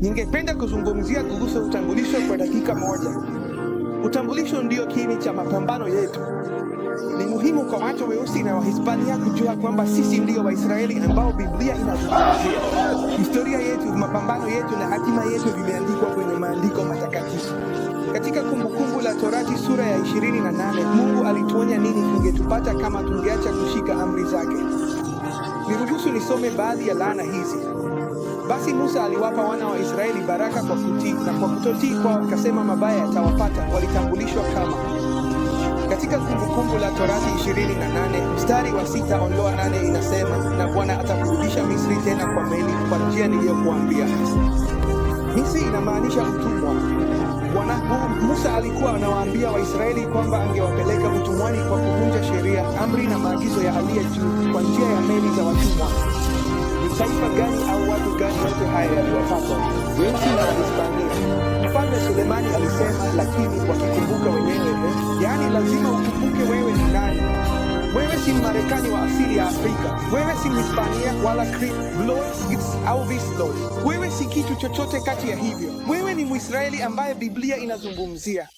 Ningependa kuzungumzia kuhusu utambulisho kwa dakika moja. Utambulisho ndio kiini cha mapambano yetu. Ni muhimu kwa watu weusi na Wahispania kujua kwamba sisi ndio Waisraeli ambao Biblia inazungumzia. Historia yetu, mapambano yetu na hatima yetu vimeandikwa kwenye maandiko matakatifu. Katika Kumbukumbu la Torati sura ya 28, Mungu alituonya nini tungetupata kama tungeacha kushika amri zake. Niruhusu nisome baadhi ya laana hizi. Basi Musa aliwapa wana wa Israeli baraka kwa kutii na kwa kutotii kwao, akasema mabaya yatawapata. Walitambulishwa kama katika Kumbukumbu la Torati 28 mstari wa sita ondoa nane inasema, na Bwana atakurudisha Misri tena kwa meli, kwa njia niliyokuambia. Misri inamaanisha utumwa. Bwana Musa alikuwa anawaambia Waisraeli kwamba angewapeleka utumwani kwa kuvunja sheria, amri na maagizo ya aliye juu, kwa njia ya meli za watumwa. Taifa gani au watu gani yote haya yaliwapata Wengi na Wahispania. Mfalme Sulemani alisema, lakini wakikumbuka wenyewe, yaani lazima ukumbuke wewe ni nani. Wewe si Mmarekani wa asili ya Afrika, wewe si Mhispania wala Lois au Vislois, wewe si kitu chochote kati ya hivyo. Wewe ni Mwisraeli ambaye Biblia inazungumzia.